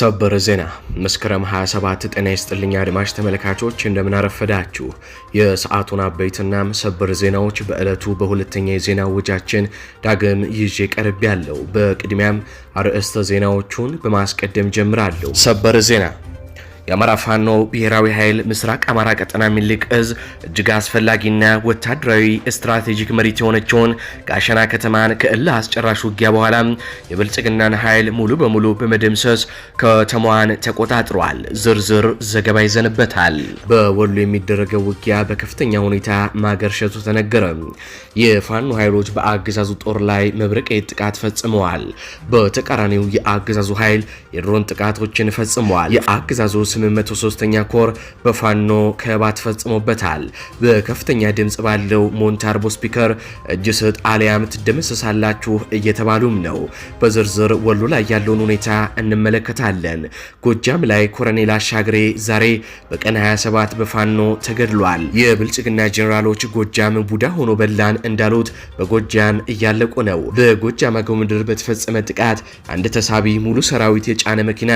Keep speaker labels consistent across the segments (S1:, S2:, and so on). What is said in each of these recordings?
S1: ሰበር ዜና መስከረም 27 ጤና ይስጥልኝ አድማጭ ተመልካቾች፣ እንደምናረፈዳችሁ የሰዓቱን አበይትና ሰበር ዜናዎች በዕለቱ በሁለተኛ የዜና ውጃችን ዳግም ይዤ ቀርብ በቅድሚያም አርዕስተ ዜናዎቹን በማስቀደም ጀምራለሁ። ሰበር ዜና የአማራ ፋኖ ብሔራዊ ኃይል ምስራቅ አማራ ቀጠና ሚልቅ እዝ እጅግ አስፈላጊና ወታደራዊ ስትራቴጂክ መሪት የሆነችውን ጋሸና ከተማን ከእልህ አስጨራሽ ውጊያ በኋላ የብልጽግናን ኃይል ሙሉ በሙሉ በመደምሰስ ከተማዋን ተቆጣጥሯል። ዝርዝር ዘገባ ይዘንበታል። በወሎ የሚደረገው ውጊያ በከፍተኛ ሁኔታ ማገርሸቱ ተነገረ። የፋኖ ኃይሎች በአገዛዙ ጦር ላይ መብረቃዊ ጥቃት ፈጽመዋል። በተቃራኒው የአገዛዙ ኃይል የድሮን ጥቃቶችን ፈጽመዋል። የአገዛዙ 803ኛ ኮር በፋኖ ከባት ፈጽሞበታል። በከፍተኛ ድምፅ ባለው ሞንታርቦ ስፒከር እጅ ስጥ አሊያም ትደመሰሳላችሁ እየተባሉም ነው። በዝርዝር ወሎ ላይ ያለውን ሁኔታ እንመለከታለን። ጎጃም ላይ ኮረኔል አሻግሬ ዛሬ በቀን 27 በፋኖ ተገድሏል። የብልጽግና ጀኔራሎች ጎጃም ቡዳ ሆኖ በላን እንዳሉት በጎጃም እያለቁ ነው። በጎጃም አገው ምድር በተፈጸመ ጥቃት አንድ ተሳቢ ሙሉ ሰራዊት የጫነ መኪና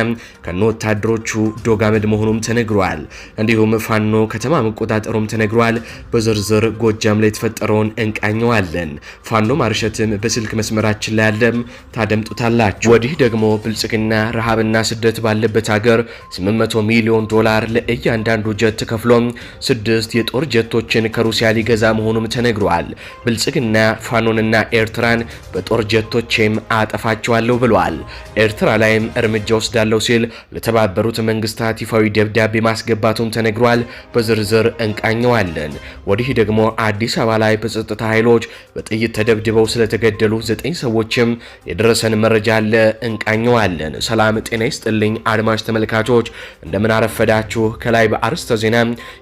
S1: ከነ ወታደሮቹ ዶጋ ማጋመድ መሆኑም ተነግሯል። እንዲሁም ፋኖ ከተማ መቆጣጠሩም ተነግሯል። በዝርዝር ጎጃም ላይ የተፈጠረውን እንቃኘዋለን። ፋኖ ማርሸትም በስልክ መስመራችን ላይ አለም ታደምጡታላችሁ። ወዲህ ደግሞ ብልጽግና ረሃብና ስደት ባለበት ሀገር 800 ሚሊዮን ዶላር ለእያንዳንዱ ጀት ተከፍሎም ስድስት የጦር ጀቶችን ከሩሲያ ሊገዛ መሆኑም ተነግሯል። ብልጽግና ፋኖንና ኤርትራን በጦር ጀቶችም አጠፋቸዋለሁ ብሏል። ኤርትራ ላይም እርምጃ ወስዳለሁ ሲል ለተባበሩት መንግስታት ይፋዊ ደብዳቤ ማስገባቱም ተነግሯል። በዝርዝር እንቃኘዋለን። ወዲህ ደግሞ አዲስ አበባ ላይ በጸጥታ ኃይሎች በጥይት ተደብድበው ስለተገደሉ ዘጠኝ ሰዎችም የደረሰን መረጃ አለ፣ እንቃኘዋለን። ሰላም ጤና ይስጥልኝ አድማጭ ተመልካቾች፣ እንደምን አረፈዳችሁ። ከላይ በአርስተ ዜና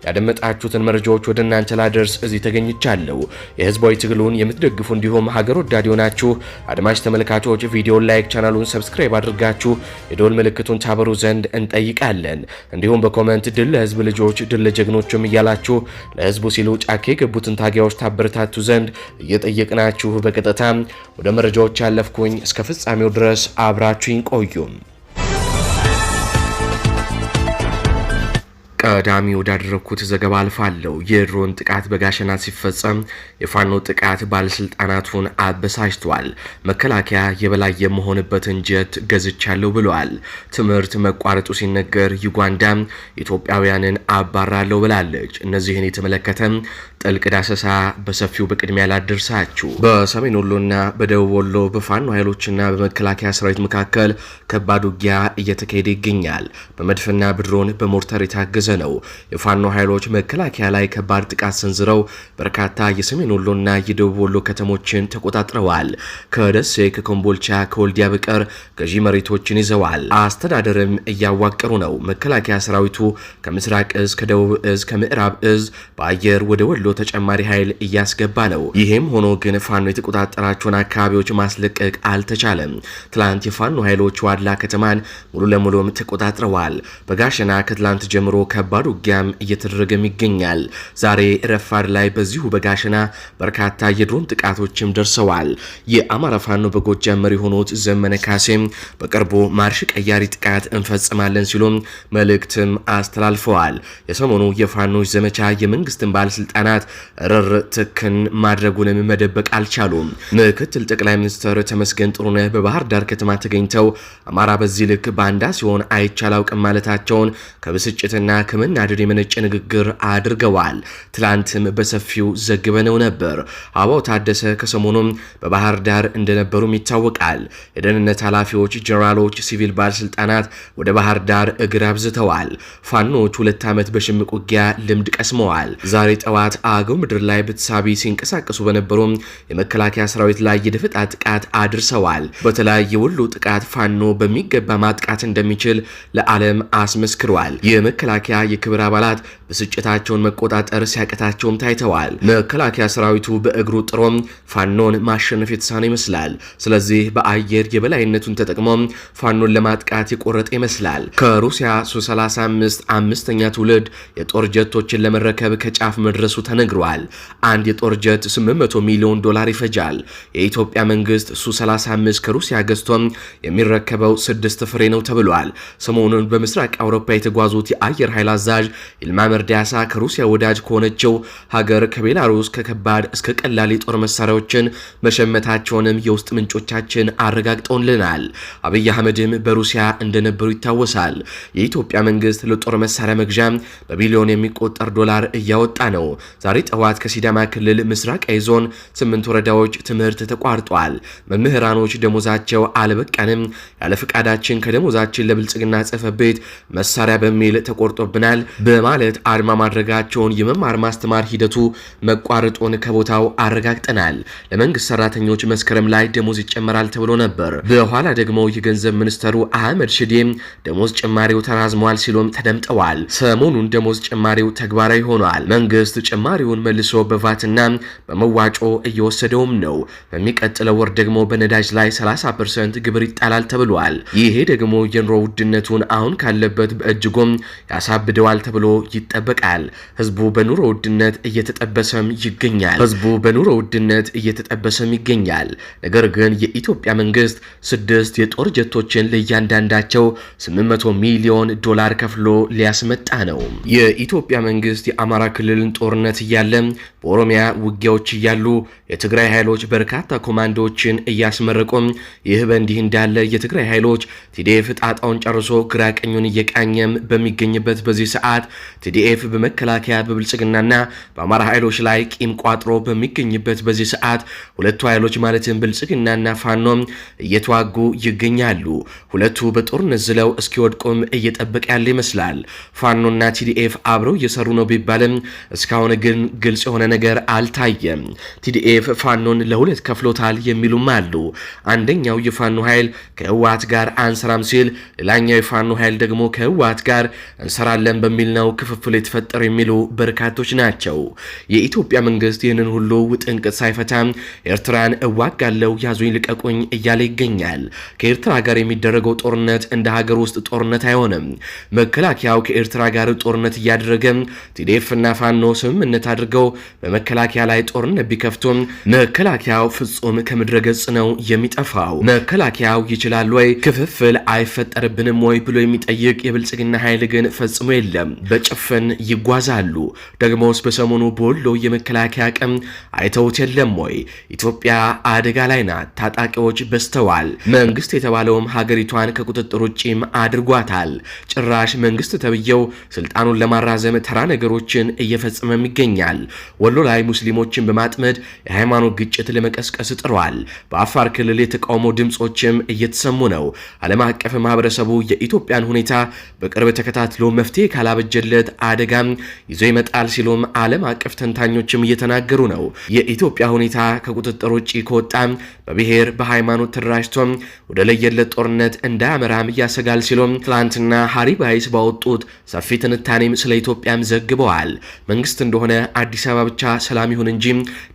S1: ያደመጣችሁትን መረጃዎች ወደ እናንተ ላደርስ እዚህ ተገኝቻለሁ። የህዝባዊ ትግሉን የምትደግፉ እንዲሁም ሀገር ወዳድ የሆናችሁ አድማጭ ተመልካቾች ቪዲዮን ላይክ፣ ቻናሉን ሰብስክራይብ አድርጋችሁ የደወል ምልክቱን ታበሩ ዘንድ እንጠይቃለን። እንዲሁም በኮመንት ድል ለህዝብ ልጆች፣ ድል ለጀግኖችም እያላችሁ ለህዝቡ ሲሉ ጫካ የገቡትን ታጋዮች ታበረታቱ ዘንድ እየጠየቅናችሁ በቀጥታ ወደ መረጃዎች ያለፍኩኝ። እስከ ፍጻሜው ድረስ አብራችሁኝ ቆዩም። ቀዳሚ ወዳደረግኩት ዘገባ አልፋለሁ። የድሮን ጥቃት በጋሸና ሲፈጸም የፋኖ ጥቃት ባለስልጣናቱን አበሳጭቷል። መከላከያ የበላይ የመሆንበትን ጀት ገዝቻለሁ ብለዋል። ትምህርት መቋረጡ ሲነገር ዩጋንዳ ኢትዮጵያውያንን አባራለሁ ብላለች። እነዚህን የተመለከተ ጥልቅ ዳሰሳ በሰፊው በቅድሚያ ላደርሳችሁ። በሰሜን ወሎና በደቡብ ወሎ በፋኖ ኃይሎችና በመከላከያ ሰራዊት መካከል ከባድ ውጊያ እየተካሄደ ይገኛል። በመድፍና በድሮን በሞርተር የታገዘ ያዘለው። የፋኖ ኃይሎች መከላከያ ላይ ከባድ ጥቃት ሰንዝረው በርካታ የሰሜን ወሎና የደቡብ ወሎ ከተሞችን ተቆጣጥረዋል። ከደሴ፣ ከኮምቦልቻ፣ ከወልዲያ በቀር ገዢ መሬቶችን ይዘዋል። አስተዳደርም እያዋቀሩ ነው። መከላከያ ሰራዊቱ ከምስራቅ እዝ፣ ከደቡብ እዝ፣ ከምዕራብ እዝ በአየር ወደ ወሎ ተጨማሪ ኃይል እያስገባ ነው። ይህም ሆኖ ግን ፋኖ የተቆጣጠራቸውን አካባቢዎች ማስለቀቅ አልተቻለም። ትላንት የፋኖ ኃይሎች ዋድላ ከተማን ሙሉ ለሙሉም ተቆጣጥረዋል። በጋሸና ከትላንት ጀምሮ ከ ከባድ ውጊያም እየተደረገም ይገኛል። ዛሬ ረፋድ ላይ በዚሁ በጋሸና በርካታ የድሮን ጥቃቶችም ደርሰዋል። የአማራ ፋኖ በጎጃም መሪ የሆኑት ዘመነ ካሴም በቅርቡ ማርሽ ቀያሪ ጥቃት እንፈጽማለን ሲሉም መልእክትም አስተላልፈዋል። የሰሞኑ የፋኖች ዘመቻ የመንግስትን ባለስልጣናት ርር ትክን ማድረጉንም መደበቅ አልቻሉም። ምክትል ጠቅላይ ሚኒስትር ተመስገን ጥሩነህ በባህር ዳር ከተማ ተገኝተው አማራ በዚህ ልክ ባንዳ ሲሆን አይቻል አውቅም ማለታቸውን ከብስጭትና ከመናደድ የመነጨ ንግግር አድርገዋል። ትላንትም በሰፊው ዘግበነው ነበር። አበባው ታደሰ ከሰሞኑም በባህር ዳር እንደነበሩም ይታወቃል። የደህንነት ኃላፊዎች፣ ጀኔራሎች፣ ሲቪል ባለስልጣናት ወደ ባህር ዳር እግር አብዝተዋል። ፋኖች ሁለት ዓመት በሽምቅ ውጊያ ልምድ ቀስመዋል። ዛሬ ጠዋት አገው ምድር ላይ በተሳቢ ሲንቀሳቀሱ በነበሩም የመከላከያ ሰራዊት ላይ የደፈጣ ጥቃት አድርሰዋል። በተለያየ ሁሉ ጥቃት ፋኖ በሚገባ ማጥቃት እንደሚችል ለዓለም አስመስክሯል። የመከላከያ የክብር አባላት ብስጭታቸውን መቆጣጠር ሲያቀታቸውም ታይተዋል። መከላከያ ሰራዊቱ በእግሩ ጥሮም ፋኖን ማሸነፍ የተሳነ ይመስላል። ስለዚህ በአየር የበላይነቱን ተጠቅሞ ፋኖን ለማጥቃት የቆረጠ ይመስላል። ከሩሲያ ሱ35 አምስተኛ ትውልድ የጦር ጀቶችን ለመረከብ ከጫፍ መድረሱ ተነግሯል። አንድ የጦር ጀት 800 ሚሊዮን ዶላር ይፈጃል። የኢትዮጵያ መንግስት ሱ35 ከሩሲያ ገዝቶ የሚረከበው ስድስት ፍሬ ነው ተብሏል። ሰሞኑን በምስራቅ አውሮፓ የተጓዙት የአየር ኃይል አዛዥ ይልማመር መርዳሳ ከሩሲያ ወዳጅ ከሆነችው ሀገር ከቤላሩስ ከከባድ እስከ ቀላል የጦር መሳሪያዎችን መሸመታቸውንም የውስጥ ምንጮቻችን አረጋግጠውልናል። አብይ አህመድም በሩሲያ እንደነበሩ ይታወሳል። የኢትዮጵያ መንግስት ለጦር መሳሪያ መግዣ በቢሊዮን የሚቆጠር ዶላር እያወጣ ነው። ዛሬ ጠዋት ከሲዳማ ክልል ምስራቃዊ ዞን ስምንት ወረዳዎች ትምህርት ተቋርጧል። መምህራኖች ደሞዛቸው አልበቃንም፣ ያለ ፈቃዳችን ከደሞዛችን ለብልጽግና ጽሕፈት ቤት መሳሪያ በሚል ተቆርጦብናል በማለት አድማ ማድረጋቸውን የመማር ማስተማር ሂደቱ መቋረጡን ከቦታው አረጋግጠናል። ለመንግስት ሰራተኞች መስከረም ላይ ደሞዝ ይጨመራል ተብሎ ነበር። በኋላ ደግሞ የገንዘብ ሚኒስተሩ አህመድ ሽዴም ደሞዝ ጭማሪው ተራዝሟል ሲሉም ተደምጠዋል። ሰሞኑን ደሞዝ ጭማሪው ተግባራዊ ሆኗል። መንግስት ጭማሪውን መልሶ በቫትና በመዋጮ እየወሰደውም ነው። በሚቀጥለው ወር ደግሞ በነዳጅ ላይ 30 ፐርሰንት ግብር ይጣላል ተብሏል። ይሄ ደግሞ የኑሮ ውድነቱን አሁን ካለበት በእጅጉም ያሳብደዋል ተብሎ ይጠ ይጠበቃል። ህዝቡ በኑሮ ውድነት እየተጠበሰም ይገኛል። ህዝቡ በኑሮ ውድነት እየተጠበሰም ይገኛል። ነገር ግን የኢትዮጵያ መንግስት ስድስት የጦር ጀቶችን ለእያንዳንዳቸው 800 ሚሊዮን ዶላር ከፍሎ ሊያስመጣ ነው። የኢትዮጵያ መንግስት የአማራ ክልልን ጦርነት እያለ በኦሮሚያ ውጊያዎች እያሉ የትግራይ ኃይሎች በርካታ ኮማንዶዎችን እያስመረቁም። ይህ በእንዲህ እንዳለ የትግራይ ኃይሎች ቲዲኤፍ ጣጣውን ጨርሶ ግራ ቀኙን እየቃኘም በሚገኝበት በዚህ ሰዓት ቲዲኤፍ በመከላከያ በብልጽግናና በአማራ ኃይሎች ላይ ቂም ቋጥሮ በሚገኝበት በዚህ ሰዓት ሁለቱ ኃይሎች ማለትም ብልጽግናና ፋኖም እየተዋጉ ይገኛሉ። ሁለቱ በጦርነት ዝለው እስኪወድቁም እየጠበቀ ያለ ይመስላል። ፋኖና ቲዲኤፍ አብረው እየሰሩ ነው ቢባልም እስካሁን ግን ግልጽ የሆነ ነገር አልታየም። ቲዲኤፍ ቲዲኤፍ ፋኖን ለሁለት ከፍሎታል የሚሉም አሉ። አንደኛው የፋኖ ኃይል ከህወሓት ጋር አንሰራም ሲል፣ ሌላኛው የፋኖ ኃይል ደግሞ ከህወሓት ጋር እንሰራለን በሚል ነው ክፍፍል የተፈጠረው የሚሉ በርካቶች ናቸው። የኢትዮጵያ መንግስት ይህንን ሁሉ ውጥንቅጥ ሳይፈታ ኤርትራን እዋጋለው ያዙኝ ልቀቁኝ እያለ ይገኛል። ከኤርትራ ጋር የሚደረገው ጦርነት እንደ ሀገር ውስጥ ጦርነት አይሆንም። መከላከያው ከኤርትራ ጋር ጦርነት እያደረገ ቲዲኤፍና ፋኖ ስምምነት አድርገው በመከላከያ ላይ ጦርነት ቢከፍቱም መከላከያው ፍጹም ገጽ ነው የሚጠፋው። መከላከያው ይችላል ወይ ክፍፍል አይፈጠርብንም ወይ ብሎ የሚጠይቅ የብልጽግና ኃይል ግን ፈጽሞ የለም። በጭፍን ይጓዛሉ። ደግሞስ በሰሞኑ በወሎ የመከላከያ አቅም አይተውት የለም ወይ? ኢትዮጵያ አደጋ ላይ ናት። ታጣቂዎች በዝተዋል። መንግስት የተባለውም ሀገሪቷን ከቁጥጥር ውጪም አድርጓታል። ጭራሽ መንግስት ተብዬው ስልጣኑን ለማራዘም ተራ ነገሮችን እየፈጸመም ይገኛል። ወሎ ላይ ሙስሊሞችን በማጥመድ የሃይማኖት ግጭት ለመቀስቀስ ጥሯል። በአፋር ክልል የተቃውሞ ድምፆችም እየተሰሙ ነው። ዓለም አቀፍ ማህበረሰቡ የኢትዮጵያን ሁኔታ በቅርብ ተከታትሎ መፍትሄ ካላበጀለት አደጋም ይዞ ይመጣል ሲሉም ዓለም አቀፍ ተንታኞችም እየተናገሩ ነው። የኢትዮጵያ ሁኔታ ከቁጥጥር ውጭ ከወጣም በብሔር በሃይማኖት ተደራጅቶም ወደ ለየለት ጦርነት እንዳያመራም እያሰጋል ሲሉም ትላንትና ባይስ ባወጡት ሰፊ ትንታኔም ስለ ኢትዮጵያም ዘግበዋል። መንግስት እንደሆነ አዲስ አበባ ብቻ ሰላም ይሁን እንጂ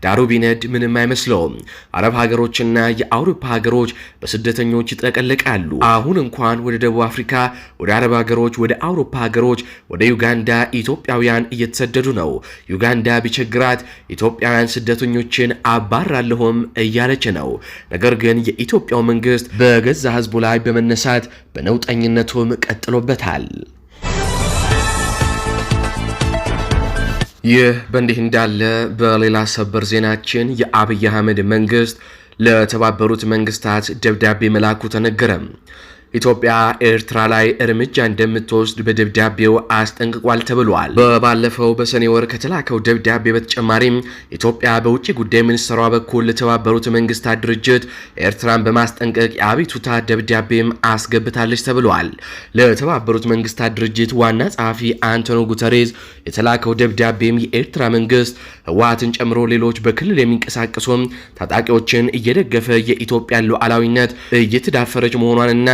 S1: ዳሩ ቢነ ሰነድ ምንም አይመስለውም። አረብ ሀገሮችና የአውሮፓ ሀገሮች በስደተኞች ይጥለቀለቃሉ። አሁን እንኳን ወደ ደቡብ አፍሪካ፣ ወደ አረብ ሀገሮች፣ ወደ አውሮፓ ሀገሮች፣ ወደ ዩጋንዳ ኢትዮጵያውያን እየተሰደዱ ነው። ዩጋንዳ ቢቸግራት ኢትዮጵያውያን ስደተኞችን አባራለሁም እያለች ነው። ነገር ግን የኢትዮጵያው መንግስት በገዛ ህዝቡ ላይ በመነሳት በነውጠኝነቱም ቀጥሎበታል። ይህ በእንዲህ እንዳለ በሌላ ሰበር ዜናችን የአብይ አህመድ መንግስት ለተባበሩት መንግስታት ደብዳቤ መላኩ ተነገረ። ኢትዮጵያ ኤርትራ ላይ እርምጃ እንደምትወስድ በደብዳቤው አስጠንቅቋል ተብሏል። በባለፈው በሰኔ ወር ከተላከው ደብዳቤ በተጨማሪም ኢትዮጵያ በውጭ ጉዳይ ሚኒስትሯ በኩል ለተባበሩት መንግስታት ድርጅት ኤርትራን በማስጠንቀቅ የአቤቱታ ደብዳቤም አስገብታለች ተብሏል። ለተባበሩት መንግስታት ድርጅት ዋና ጸሐፊ አንቶኒ ጉተሬዝ የተላከው ደብዳቤም የኤርትራ መንግስት ህወሓትን ጨምሮ ሌሎች በክልል የሚንቀሳቀሱ ታጣቂዎችን እየደገፈ የኢትዮጵያን ሉዓላዊነት እየተዳፈረች መሆኗንና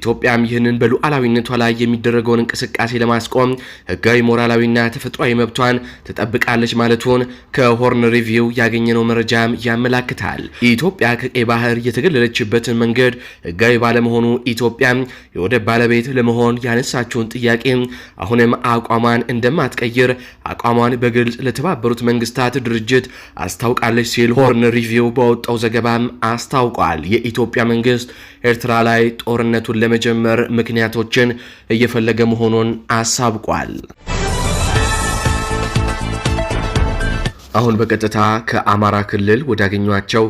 S1: ኢትዮጵያም ይህንን በሉዓላዊነቷ ላይ የሚደረገውን እንቅስቃሴ ለማስቆም ህጋዊ፣ ሞራላዊና ተፈጥሯዊ መብቷን ትጠብቃለች ማለቱን ከሆርን ሪቪው ያገኘነው መረጃም ያመላክታል። ኢትዮጵያ ከቀይ ባህር የተገለለችበትን መንገድ ህጋዊ ባለመሆኑ ኢትዮጵያ የወደብ ባለቤት ለመሆን ያነሳችውን ጥያቄ አሁንም አቋሟን እንደማትቀይር አቋሟን በግልጽ ለተባበሩት መንግስት መንግስታት ድርጅት አስታውቃለች ሲል ሆርን ሪቪው በወጣው ዘገባም አስታውቋል። የኢትዮጵያ መንግስት ኤርትራ ላይ ጦርነቱን ለመጀመር ምክንያቶችን እየፈለገ መሆኑን አሳብቋል። አሁን በቀጥታ ከአማራ ክልል ወዳገኟቸው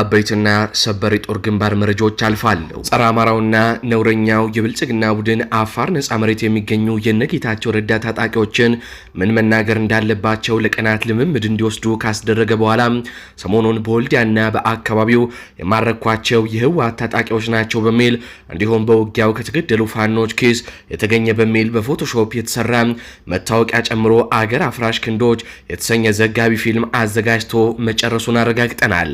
S1: አበይትና ሰበር የጦር ግንባር መረጃዎች አልፋለሁ። ጸረ አማራውና ነውረኛው የብልጽግና ቡድን አፋር ነጻ መሬት የሚገኙ የነጌታቸው ረዳ ታጣቂዎችን ምን መናገር እንዳለባቸው ለቀናት ልምምድ እንዲወስዱ ካስደረገ በኋላ ሰሞኑን በወልዲያና በአካባቢው የማረኳቸው የህወሓት ታጣቂዎች ናቸው በሚል እንዲሁም በውጊያው ከተገደሉ ፋኖች ኪስ የተገኘ በሚል በፎቶሾፕ የተሰራ መታወቂያ ጨምሮ አገር አፍራሽ ክንዶች የተሰኘ ዘጋቢ ፊልም አዘጋጅቶ መጨረሱን አረጋግጠናል።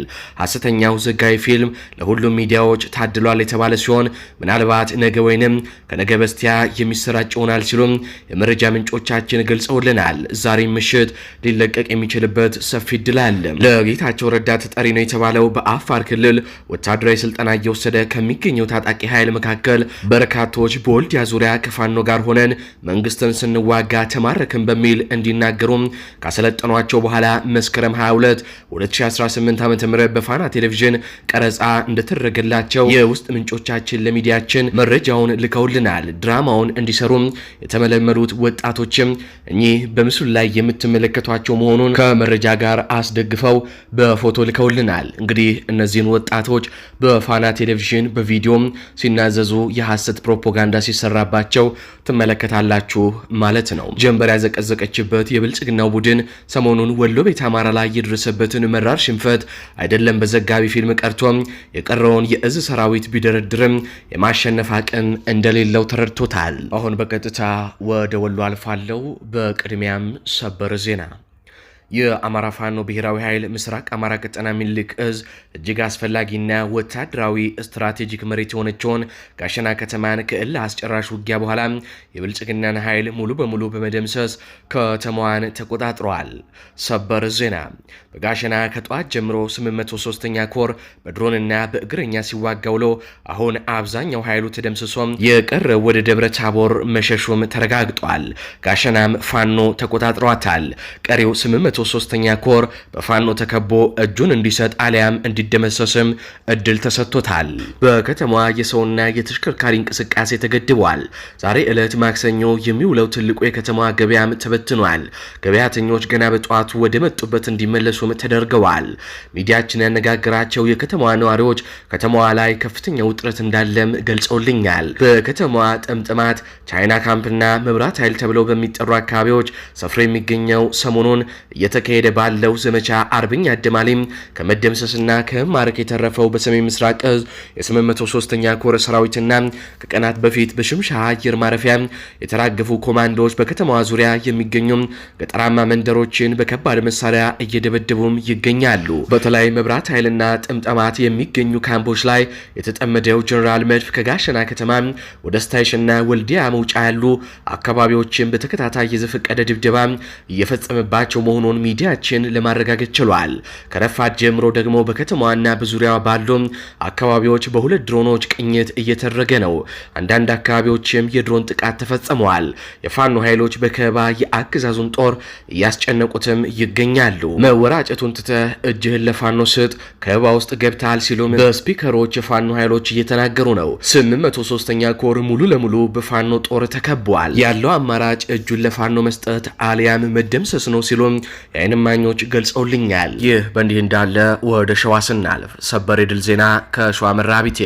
S1: አምስተኛው ዘጋቢ ፊልም ለሁሉም ሚዲያዎች ታድሏል የተባለ ሲሆን ምናልባት ነገ ወይንም ከነገ በስቲያ የሚሰራጭ ይሆናል ሲሉም የመረጃ ምንጮቻችን ገልጸውልናል። ዛሬ ምሽት ሊለቀቅ የሚችልበት ሰፊ እድል አለ። ለጌታቸው ረዳ ተጠሪ ነው የተባለው በአፋር ክልል ወታደራዊ ስልጠና እየወሰደ ከሚገኘው ታጣቂ ኃይል መካከል በርካቶች በወልዲያ ዙሪያ ከፋኖ ጋር ሆነን መንግስትን ስንዋጋ ተማረክን በሚል እንዲናገሩም ካሰለጠኗቸው በኋላ መስከረም 22 2018 ዓ ም በፋና ቴሌቪዥን ቀረጻ እንደተደረገላቸው የውስጥ ምንጮቻችን ለሚዲያችን መረጃውን ልከውልናል። ድራማውን እንዲሰሩም የተመለመሉት ወጣቶችም እኚህ በምስሉ ላይ የምትመለከቷቸው መሆኑን ከመረጃ ጋር አስደግፈው በፎቶ ልከውልናል። እንግዲህ እነዚህን ወጣቶች በፋና ቴሌቪዥን በቪዲዮም ሲናዘዙ የሐሰት ፕሮፓጋንዳ ሲሰራባቸው ትመለከታላችሁ ማለት ነው። ጀንበር ያዘቀዘቀችበት የብልጽግናው ቡድን ሰሞኑን ወሎ ቤት አማራ ላይ የደረሰበትን መራር ሽንፈት አይደለም በዘጋ ዘጋቢ ፊልም ቀርቶ የቀረውን የእዝ ሰራዊት ቢደረድርም የማሸነፍ አቅም እንደሌለው ተረድቶታል። አሁን በቀጥታ ወደ ወሎ አልፋለው። በቅድሚያም ሰበር ዜና የአማራ ፋኖ ብሔራዊ ኃይል ምስራቅ አማራ ቀጠና ሚልክ እዝ እጅግ አስፈላጊና ወታደራዊ ስትራቴጂክ መሬት የሆነችውን ጋሸና ከተማን ከእልህ አስጨራሽ ውጊያ በኋላ የብልጽግናን ኃይል ሙሉ በሙሉ በመደምሰስ ከተማዋን ተቆጣጥረዋል። ሰበር ዜና በጋሸና ከጠዋት ጀምሮ 83 ኛ ኮር በድሮንና በእግረኛ ሲዋጋ ውሎ አሁን አብዛኛው ኃይሉ ተደምስሶም የቀረ ወደ ደብረ ታቦር መሸሹም ተረጋግጧል። ጋሸናም ፋኖ ተቆጣጥሯታል። ቀሪው የመቶ ሶስተኛ ኮር በፋኖ ተከቦ እጁን እንዲሰጥ አሊያም እንዲደመሰስም እድል ተሰጥቶታል። በከተማዋ የሰውና የተሽከርካሪ እንቅስቃሴ ተገድቧል። ዛሬ ዕለት ማክሰኞ የሚውለው ትልቁ የከተማዋ ገበያም ተበትኗል። ገበያተኞች ገና በጠዋቱ ወደ መጡበት እንዲመለሱም ተደርገዋል። ሚዲያችን ያነጋገራቸው የከተማዋ ነዋሪዎች ከተማዋ ላይ ከፍተኛ ውጥረት እንዳለም ገልጸውልኛል። በከተማዋ ጠምጥማት፣ ቻይና ካምፕና መብራት ኃይል ተብለው በሚጠሩ አካባቢዎች ሰፍሮ የሚገኘው ሰሞኑን እየተካሄደ ባለው ዘመቻ አርበኛ አደማሌም ከመደምሰስና ከማረክ የተረፈው በሰሜን ምስራቅ የ 83 ኛ ኮር ሰራዊትና ከቀናት በፊት በሽምሻ አየር ማረፊያ የተራገፉ ኮማንዶዎች በከተማዋ ዙሪያ የሚገኙ ገጠራማ መንደሮችን በከባድ መሳሪያ እየደበደቡም ይገኛሉ። በተለይ መብራት ኃይልና ጥምጠማት የሚገኙ ካምፖች ላይ የተጠመደው ጀኔራል መድፍ ከጋሸና ከተማ ወደ ስታይሽና ወልዲያ መውጫ ያሉ አካባቢዎችን በተከታታይ የዘፈቀደ ድብደባ እየፈጸመባቸው መሆኑን መሆኑን ሚዲያችን ለማረጋገጥ ችሏል። ከረፋት ጀምሮ ደግሞ በከተማዋና በዙሪያዋ ባሉ አካባቢዎች በሁለት ድሮኖች ቅኝት እየተደረገ ነው። አንዳንድ አካባቢዎችም የድሮን ጥቃት ተፈጽመዋል። የፋኖ ኃይሎች በከበባ የአገዛዙን ጦር እያስጨነቁትም ይገኛሉ። መወራጨቱን ትተህ እጅህን ለፋኖ ስጥ፣ ከበባ ውስጥ ገብተሃል ሲሉም በስፒከሮች የፋኖ ኃይሎች እየተናገሩ ነው። 803ኛ ኮር ሙሉ ለሙሉ በፋኖ ጦር ተከቧል። ያለው አማራጭ እጁን ለፋኖ መስጠት አሊያም መደምሰስ ነው ሲሉም የዓይን እማኞች ገልጸውልኛል። ይህ በእንዲህ እንዳለ ወደ ሸዋ ስናልፍ ሰበር የድል ዜና ከሸዋ መራቢቴ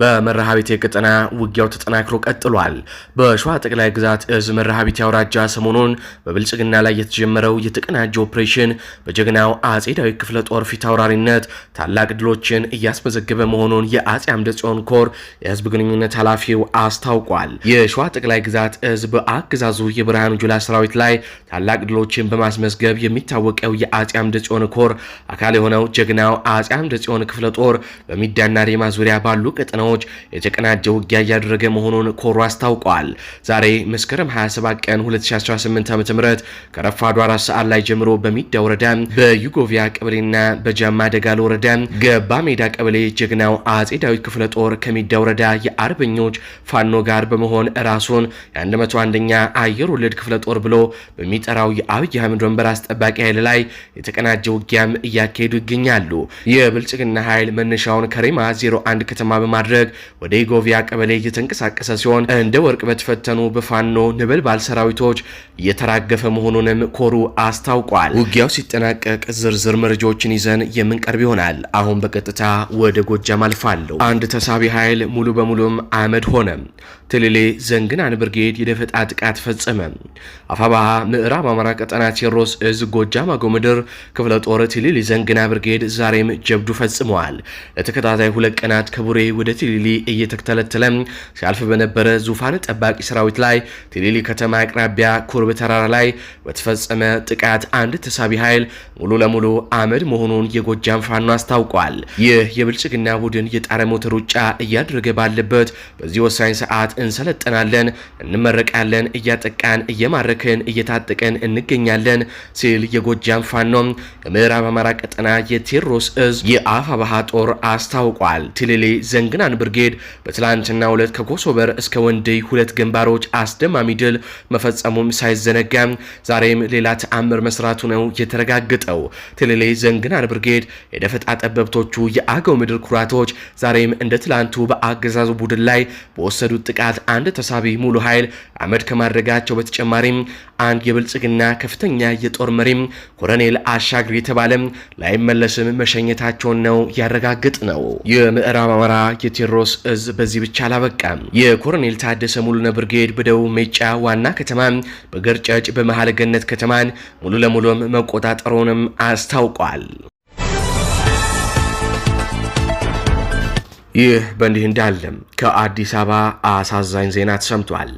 S1: በመርሃቤቴ ቀጠና ውጊያው ተጠናክሮ ቀጥሏል። በሸዋ ጠቅላይ ግዛት እዝ መርሃቤቴ አውራጃ ሰሞኑን በብልጽግና ላይ የተጀመረው የተቀናጀ ኦፕሬሽን በጀግናው አጼ ዳዊት ክፍለ ጦር ፊት አውራሪነት ታላቅ ድሎችን እያስመዘገበ መሆኑን የአጼ አምደ ጽዮን ኮር የህዝብ ግንኙነት ኃላፊው አስታውቋል። የሸዋ ጠቅላይ ግዛት እዝ በአገዛዙ የብርሃኑ ጁላ ሰራዊት ላይ ታላቅ ድሎችን በማስመዝገብ የሚታወቀው የአጼ አምደ ጽዮን ኮር አካል የሆነው ጀግናው አጼ አምደ ጽዮን ክፍለ ጦር በሚዳና ሬማ ዙሪያ ባሉ ቀጠናዎች ቀጠናዎች የተቀናጀ ውጊያ እያደረገ መሆኑን ኮሩ አስታውቋል። ዛሬ መስከረም 27 ቀን 2018 ዓ.ም ከረፋዱ አራት ሰዓት ላይ ጀምሮ በሚዳ ወረዳ በዩጎቪያ ቀበሌና በጃማ ደጋል ወረዳ ገባ ሜዳ ቀበሌ ጀግናው አጼ ዳዊት ክፍለ ጦር ከሚዳ ወረዳ የአርበኞች ፋኖ ጋር በመሆን ራሱን የ101ኛ አየር ወለድ ክፍለ ጦር ብሎ በሚጠራው የአብይ አህመድ ወንበር አስጠባቂ ኃይል ላይ የተቀናጀ ውጊያም እያካሄዱ ይገኛሉ። የብልጽግና ኃይል መነሻውን ከሬማ 01 ከተማ በማድረግ በማድረግ ወደ ኢጎቪያ ቀበሌ እየተንቀሳቀሰ ሲሆን እንደ ወርቅ በተፈተኑ በፋኖ ነበልባል ሰራዊቶች እየተራገፈ መሆኑንም ኮሩ አስታውቋል። ውጊያው ሲጠናቀቅ ዝርዝር መረጃዎችን ይዘን የምንቀርብ ይሆናል። አሁን በቀጥታ ወደ ጎጃም አልፋለሁ። አንድ ተሳቢ ኃይል ሙሉ በሙሉም አመድ ሆነ። ትልሌ ዘንግናን ብርጌድ የደፈጣ ጥቃት ፈጸመ። አፋባሃ ምዕራብ አማራ ቀጠና ቴዎድሮስ እዝ ጎጃም አገው ምድር ክፍለ ጦር ትልሌ ዘንግና ብርጌድ ዛሬም ጀብዱ ፈጽመዋል። ለተከታታይ ሁለት ቀናት ከቡሬ ወደ ቲሊሊ እየተተለተለ ሲያልፍ በነበረ ዙፋን ጠባቂ ሰራዊት ላይ ቲሊሊ ከተማ አቅራቢያ ኩርብ ተራራ ላይ በተፈጸመ ጥቃት አንድ ተሳቢ ኃይል ሙሉ ለሙሉ አመድ መሆኑን የጎጃም ፋኖ አስታውቋል። ይህ የብልጽግና ቡድን የጣረ ሞተር ሩጫ እያደረገ ባለበት በዚህ ወሳኝ ሰዓት እንሰለጠናለን፣ እንመረቃለን፣ እያጠቃን እየማረክን እየታጠቀን እንገኛለን ሲል የጎጃም ፋኖ የምዕራብ አማራ ቀጠና የቴዎድሮስ እዝ የአፋ ባህ ጦር አስታውቋል። ቲሊሊ ዘንግና ብርሃን ብርጌድ በትላንትና ሁለት ከኮሶበር እስከ ወንደይ ሁለት ግንባሮች አስደማሚ ድል መፈጸሙም ሳይዘነጋም ዛሬም ሌላ ተአምር መስራቱ ነው የተረጋገጠው። ቴሌሌ ዘንግናን ብርጌድ የደፈጣ ጠበብቶቹ የአገው ምድር ኩራቶች ዛሬም እንደ ትላንቱ በአገዛዙ ቡድን ላይ በወሰዱት ጥቃት አንድ ተሳቢ ሙሉ ኃይል አመድ ከማድረጋቸው በተጨማሪም አንድ የብልጽግና ከፍተኛ የጦር መሪም ኮሎኔል አሻግር የተባለም ላይመለስም መሸኘታቸውን ነው ያረጋግጥ ነው። የምዕራብ አማራ የቲ ቴዎድሮስ እዝ በዚህ ብቻ አላበቃም። የኮሎኔል ታደሰ ሙሉነ ብርጌድ በደቡብ ሜጫ ዋና ከተማ፣ በገርጨጭ በመሀል ገነት ከተማን ሙሉ ለሙሉም መቆጣጠሩንም አስታውቋል። ይህ በእንዲህ እንዳለም ከአዲስ አበባ አሳዛኝ ዜና ተሰምቷል።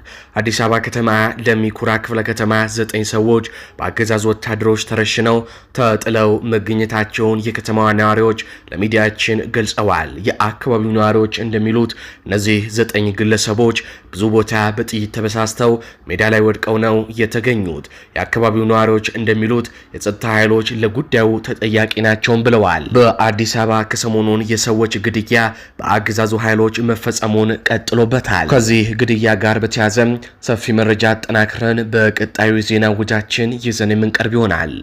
S1: አዲስ አበባ ከተማ ለሚኩራ ክፍለ ከተማ ዘጠኝ ሰዎች በአገዛዝ ወታደሮች ተረሽነው ተጥለው መገኘታቸውን የከተማዋ ነዋሪዎች ለሚዲያችን ገልጸዋል። የአካባቢው ነዋሪዎች እንደሚሉት እነዚህ ዘጠኝ ግለሰቦች ብዙ ቦታ በጥይት ተበሳስተው ሜዳ ላይ ወድቀው ነው የተገኙት። የአካባቢው ነዋሪዎች እንደሚሉት የጸጥታ ኃይሎች ለጉዳዩ ተጠያቂ ናቸውም ብለዋል። በአዲስ አበባ ከሰሞኑን የሰዎች ግድያ በአገዛዙ ኃይሎች መፈጸሙን ቀጥሎበታል። ከዚህ ግድያ ጋር በተያያዘ ሰፊ መረጃ አጠናክረን በቀጣዩ ዜና ውጃችን ይዘን የምንቀርብ ይሆናል።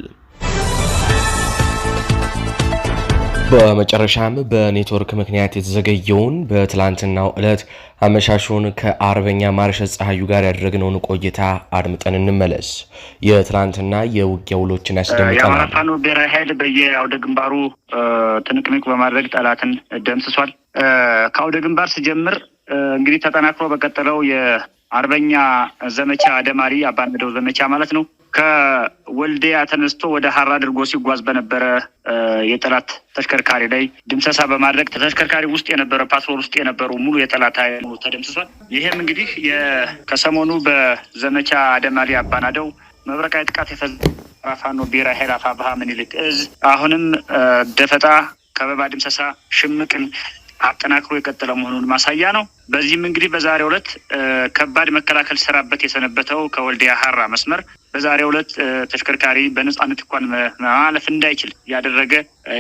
S1: በመጨረሻም በኔትወርክ ምክንያት የተዘገየውን በትላንትናው ዕለት አመሻሹን ከአርበኛ ማርሸ ፀሐዩ ጋር ያደረግነውን ቆይታ አድምጠን እንመለስ። የትላንትና የውጊያ ውሎችን ያስደምጠናል።
S2: የአማራ ፋኖ ብሔራዊ ኃይል በየአውደ ግንባሩ ትንቅንቅ በማድረግ ጠላትን ደምስሷል። ከአውደ ግንባር ስጀምር እንግዲህ ተጠናክሮ በቀጠለው የአርበኛ ዘመቻ ደማሪ አባነደው ዘመቻ ማለት ነው ከወልዲያ ተነስቶ ወደ ሀራ አድርጎ ሲጓዝ በነበረ የጠላት ተሽከርካሪ ላይ ድምሰሳ በማድረግ ተሽከርካሪ ውስጥ የነበረ ፓስፖርት ውስጥ የነበሩ ሙሉ የጠላት ሙሉ ተደምስሷል። ይህም እንግዲህ ከሰሞኑ በዘመቻ አደማሊ አባናደው መብረቃዊ ጥቃት የፈ ፋኖ ብሔራዊ ኃይል አፋብኃ ምኒልክ እዝ አሁንም ደፈጣ ከበባ ድምሰሳ ሽምቅን አጠናክሮ የቀጠለ መሆኑን ማሳያ ነው። በዚህም እንግዲህ በዛሬው ዕለት ከባድ መከላከል ሲሰራበት የሰነበተው ከወልዲያ ሀራ መስመር በዛሬው ዕለት ተሽከርካሪ በነጻነት እንኳን ማለፍ እንዳይችል ያደረገ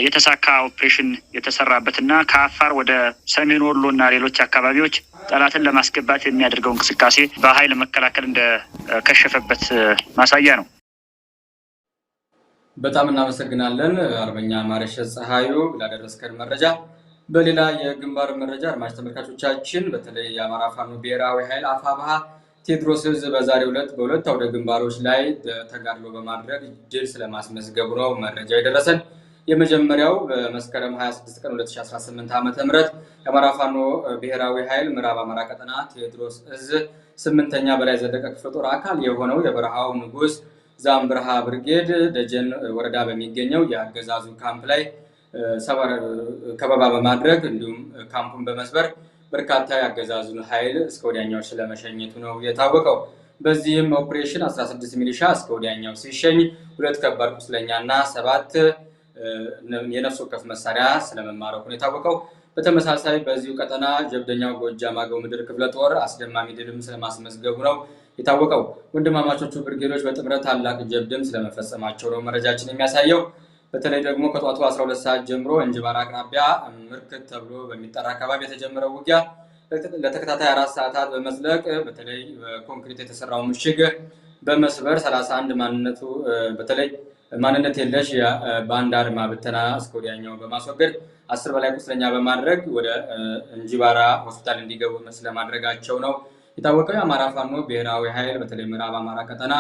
S2: የተሳካ ኦፕሬሽን የተሰራበትና ከአፋር ወደ ሰሜን ወሎ እና ሌሎች አካባቢዎች ጠላትን ለማስገባት የሚያደርገው እንቅስቃሴ በኃይል መከላከል እንደከሸፈበት ማሳያ ነው።
S3: በጣም እናመሰግናለን አርበኛ ማረሸ ፀሐዩ ላደረስከን መረጃ። በሌላ የግንባር መረጃ አድማጭ ተመልካቾቻችን በተለይ የአማራ ፋኖ ብሔራዊ ኃይል አፋብሃ ቴዎድሮስ ዕዝ በዛሬው ዕለት በሁለት አውደ ግንባሮች ላይ ተጋድሎ በማድረግ ድል ስለማስመዝገቡ ነው መረጃ የደረሰን። የመጀመሪያው በመስከረም 26 ቀን 2018 ዓ ም የአማራ ፋኖ ብሔራዊ ኃይል ምዕራብ አማራ ቀጠና ቴዎድሮስ ዕዝ ስምንተኛ በላይ ዘለቀ ክፍለ ጦር አካል የሆነው የበረሃው ንጉስ ዛምብርሃ ብርጌድ ደጀን ወረዳ በሚገኘው የአገዛዙ ካምፕ ላይ ከበባ በማድረግ እንዲሁም ካምፑን በመስበር በርካታ የአገዛዙን ኃይል እስከ ወዲያኛው ስለመሸኘቱ ነው የታወቀው። በዚህም ኦፕሬሽን 16 ሚሊሻ እስከ ወዲያኛው ሲሸኝ ሁለት ከባድ ቁስለኛ እና ሰባት የነፍስ ወከፍ መሳሪያ ስለመማረኩ ነው የታወቀው። በተመሳሳይ በዚሁ ቀጠና ጀብደኛው ጎጃም አገው ምድር ክፍለ ጦር አስደማሚ ድልም ስለማስመዝገቡ ነው የታወቀው። ወንድማማቾቹ ብርጌዶች በጥምረት ታላቅ ጀብድም ስለመፈጸማቸው ነው መረጃችን የሚያሳየው። በተለይ ደግሞ ከጠዋቱ 12 ሰዓት ጀምሮ እንጅባራ አቅራቢያ ምርክት ተብሎ በሚጠራ አካባቢ የተጀመረው ውጊያ ለተከታታይ አራት ሰዓታት በመዝለቅ በተለይ በኮንክሪት የተሰራው ምሽግ በመስበር 31 ማንነቱ በተለይ ማንነት የለሽ በአንድ አድማ ብተና እስከወዲያኛው በማስወገድ አስር በላይ ቁስለኛ በማድረግ ወደ እንጂባራ ሆስፒታል እንዲገቡ ስለማድረጋቸው ነው የታወቀው። የአማራ ፋኖ ብሔራዊ ኃይል በተለይ ምዕራብ አማራ ቀጠና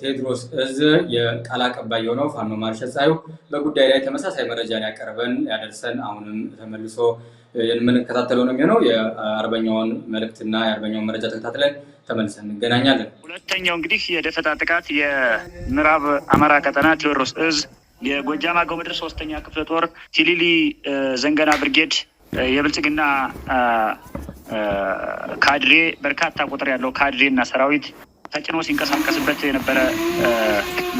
S3: ቴድሮስ እዝ የቃል አቀባይ የሆነው ፋኖ ማርሸት ጻዩ በጉዳይ ላይ ተመሳሳይ መረጃን ያቀርበን ያደርሰን አሁንም ተመልሶ የምንከታተለው ነው የሚሆነው። የአርበኛውን መልእክትና የአርበኛውን መረጃ ተከታትለን ተመልሰን እንገናኛለን።
S2: ሁለተኛው እንግዲህ የደፈጣ ጥቃት የምዕራብ አማራ ቀጠና ቴዎድሮስ እዝ የጎጃም አገው ምድር ሶስተኛ ክፍለ ጦር ቲሊሊ ዘንገና ብርጌድ የብልጽግና ካድሬ በርካታ ቁጥር ያለው ካድሬ እና ሰራዊት ተጭኖ ሲንቀሳቀስበት የነበረ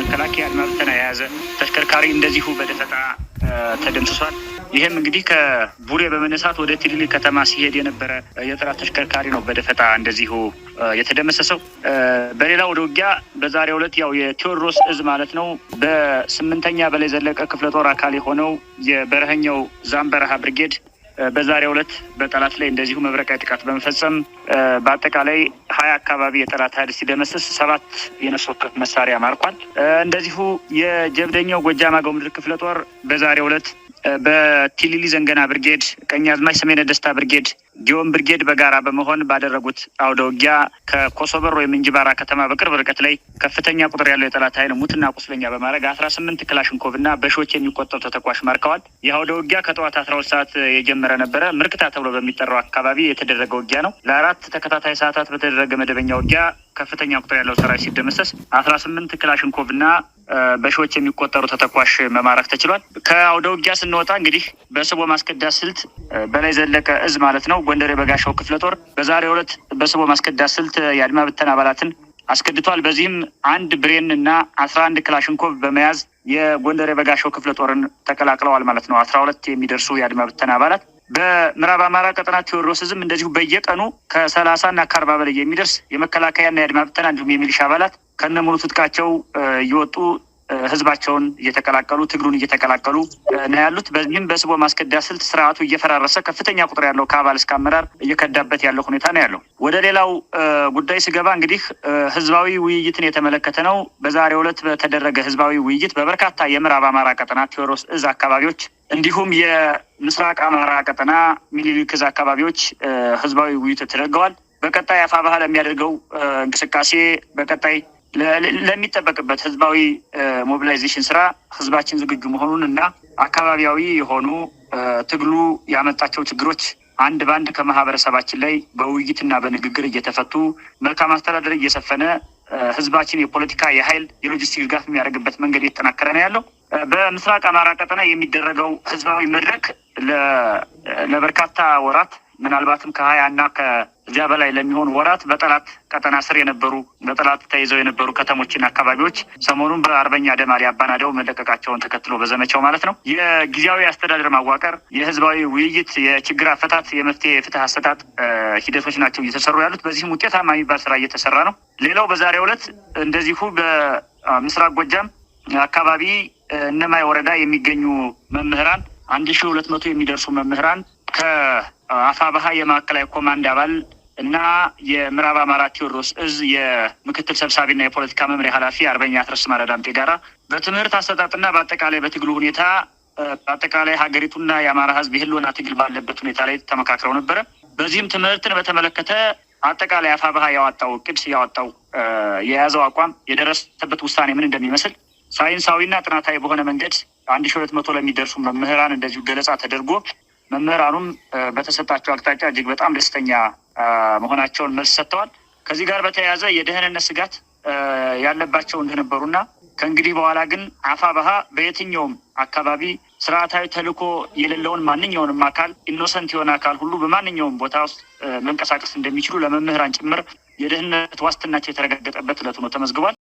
S2: መከላከያ አድማብተና የያዘ ተሽከርካሪ እንደዚሁ በደፈጣ ተደምስሷል። ይህም እንግዲህ ከቡሬ በመነሳት ወደ ቲሊሊ ከተማ ሲሄድ የነበረ የጥራት ተሽከርካሪ ነው በደፈጣ እንደዚሁ የተደመሰሰው። በሌላ ወደ ውጊያ በዛሬው ዕለት ያው የቴዎድሮስ እዝ ማለት ነው በስምንተኛ በላይ ዘለቀ ክፍለ ጦር አካል የሆነው የበረሀኛው ዛምበረሃ ብርጌድ በዛሬው ዕለት በጠላት ላይ እንደዚሁ መብረቃዊ ጥቃት በመፈጸም በአጠቃላይ ሀያ አካባቢ የጠላት ኃይል ሲደመስስ ሰባት የነፍስ ወከፍ መሳሪያ ማርኳል። እንደዚሁ የጀብደኛው ጎጃም አገው ምድር ክፍለ ጦር በዛሬው ዕለት በቲሊሊ ዘንገና ብርጌድ፣ አዝማች ሰሜነ ደስታ ብርጌድ፣ ጊዮን ብርጌድ በጋራ በመሆን ባደረጉት አውደ ውጊያ ከኮሶበር ወይም እንጅባራ ከተማ በቅርብ ርቀት ላይ ከፍተኛ ቁጥር ያለው የጠላት ኃይል ሙትና ቁስለኛ በማድረግ አስራ ስምንት ክላሽንኮቭ እና በሺዎች የሚቆጠሩ ተተኳሽ ማርከዋል። የአውደ ውጊያ ከጠዋት አስራ ሁለት ሰዓት የጀመረ ነበረ። ምርክታ ተብሎ በሚጠራው አካባቢ የተደረገ ውጊያ ነው። ለአራት ተከታታይ ሰዓታት በተደረገ መደበኛ ውጊያ ከፍተኛ ቁጥር ያለው ሰራዊት ሲደመሰስ አስራ ስምንት ክላሽንኮቭ እና በሺዎች የሚቆጠሩ ተተኳሽ መማረክ ተችሏል። ከአውደ ውጊያ ስንወጣ እንግዲህ በስቦ ማስከዳት ስልት በላይ ዘለቀ እዝ ማለት ነው ጎንደር የበጋሻው ክፍለ ጦር በዛሬው ዕለት በስቦ ማስከዳት ስልት የአድማ ብተን አባላትን አስገድቷል። በዚህም አንድ ብሬን እና አስራ አንድ ክላሽንኮቭ በመያዝ የጎንደር የበጋሻው ክፍለ ጦርን ተቀላቅለዋል ማለት ነው። አስራ ሁለት የሚደርሱ የአድማ ብተን አባላት በምዕራብ አማራ ቀጠና ቴዎድሮስ ዕዝም እንደዚሁ በየቀኑ ከሰላሳ እና ከአርባ በላይ የሚደርስ የመከላከያና የአድማ ብተና እንዲሁም የሚሊሻ አባላት ከነሙሉ ትጥቃቸው እየወጡ ህዝባቸውን እየተቀላቀሉ ትግሉን እየተቀላቀሉ ነው ያሉት። በዚህም በስቦ ማስከዳ ስልት ስርዓቱ እየፈራረሰ ከፍተኛ ቁጥር ያለው ከአባል እስከ አመራር እየከዳበት ያለው ሁኔታ ነው ያለው። ወደ ሌላው ጉዳይ ስገባ እንግዲህ ህዝባዊ ውይይትን የተመለከተ ነው። በዛሬው ዕለት በተደረገ ህዝባዊ ውይይት በበርካታ የምዕራብ አማራ ቀጠና ቴዎድሮስ እዝ አካባቢዎች እንዲሁም የምስራቅ አማራ ቀጠና ሚኒሊክ እዝ አካባቢዎች ህዝባዊ ውይይት ተደርገዋል። በቀጣይ አፋ ባህል የሚያደርገው እንቅስቃሴ በቀጣይ ለሚጠበቅበት ህዝባዊ ሞቢላይዜሽን ስራ ህዝባችን ዝግጁ መሆኑን እና አካባቢያዊ የሆኑ ትግሉ ያመጣቸው ችግሮች አንድ በአንድ ከማህበረሰባችን ላይ በውይይትና በንግግር እየተፈቱ መልካም አስተዳደር እየሰፈነ ህዝባችን የፖለቲካ የኃይል የሎጂስቲክ ድጋፍ የሚያደርግበት መንገድ እየተጠናከረ ነው ያለው። በምስራቅ አማራ ቀጠና የሚደረገው ህዝባዊ መድረክ ለበርካታ ወራት ምናልባትም ከሀያ እና እዚያ በላይ ለሚሆን ወራት በጠላት ቀጠና ስር የነበሩ በጠላት ተይዘው የነበሩ ከተሞችና አካባቢዎች ሰሞኑን በአርበኛ ደማሪ አባናደው መለቀቃቸውን ተከትሎ በዘመቻው ማለት ነው የጊዜያዊ አስተዳደር ማዋቀር፣ የህዝባዊ ውይይት፣ የችግር አፈታት፣ የመፍትሄ የፍትህ አሰጣጥ ሂደቶች ናቸው እየተሰሩ ያሉት። በዚህም ውጤታማ የሚባል ስራ እየተሰራ ነው። ሌላው በዛሬው ዕለት እንደዚሁ በምስራቅ ጎጃም አካባቢ እነማይ ወረዳ የሚገኙ መምህራን አንድ ሺህ ሁለት መቶ የሚደርሱ መምህራን ከአፋ ባሀ የማዕከላዊ ኮማንድ አባል እና የምዕራብ አማራ ቴዎድሮስ እዝ የምክትል ሰብሳቢና የፖለቲካ መምሪያ ኃላፊ አርበኛ አትረስ ማረዳምጤ ጋራ በትምህርት አሰጣጥና በአጠቃላይ በትግሉ ሁኔታ በአጠቃላይ ሀገሪቱና የአማራ ህዝብ የህልውና ትግል ባለበት ሁኔታ ላይ ተመካክረው ነበረ። በዚህም ትምህርትን በተመለከተ አጠቃላይ አፋብሃ ያወጣው እቅድ ያወጣው የያዘው አቋም የደረሰበት ውሳኔ ምን እንደሚመስል ሳይንሳዊና ጥናታዊ በሆነ መንገድ አንድ ሺ ሁለት መቶ ለሚደርሱ መምህራን እንደዚሁ ገለጻ ተደርጎ መምህራኑም በተሰጣቸው አቅጣጫ እጅግ በጣም ደስተኛ መሆናቸውን መልስ ሰጥተዋል። ከዚህ ጋር በተያያዘ የደህንነት ስጋት ያለባቸው እንደነበሩና ከእንግዲህ በኋላ ግን አፋ ባሃ በየትኛውም አካባቢ ስርዓታዊ ተልዕኮ የሌለውን ማንኛውንም አካል ኢኖሰንት የሆነ አካል ሁሉ በማንኛውም ቦታ ውስጥ መንቀሳቀስ እንደሚችሉ ለመምህራን ጭምር የደህንነት ዋስትናቸው የተረጋገጠበት ዕለት ሆኖ ተመዝግቧል።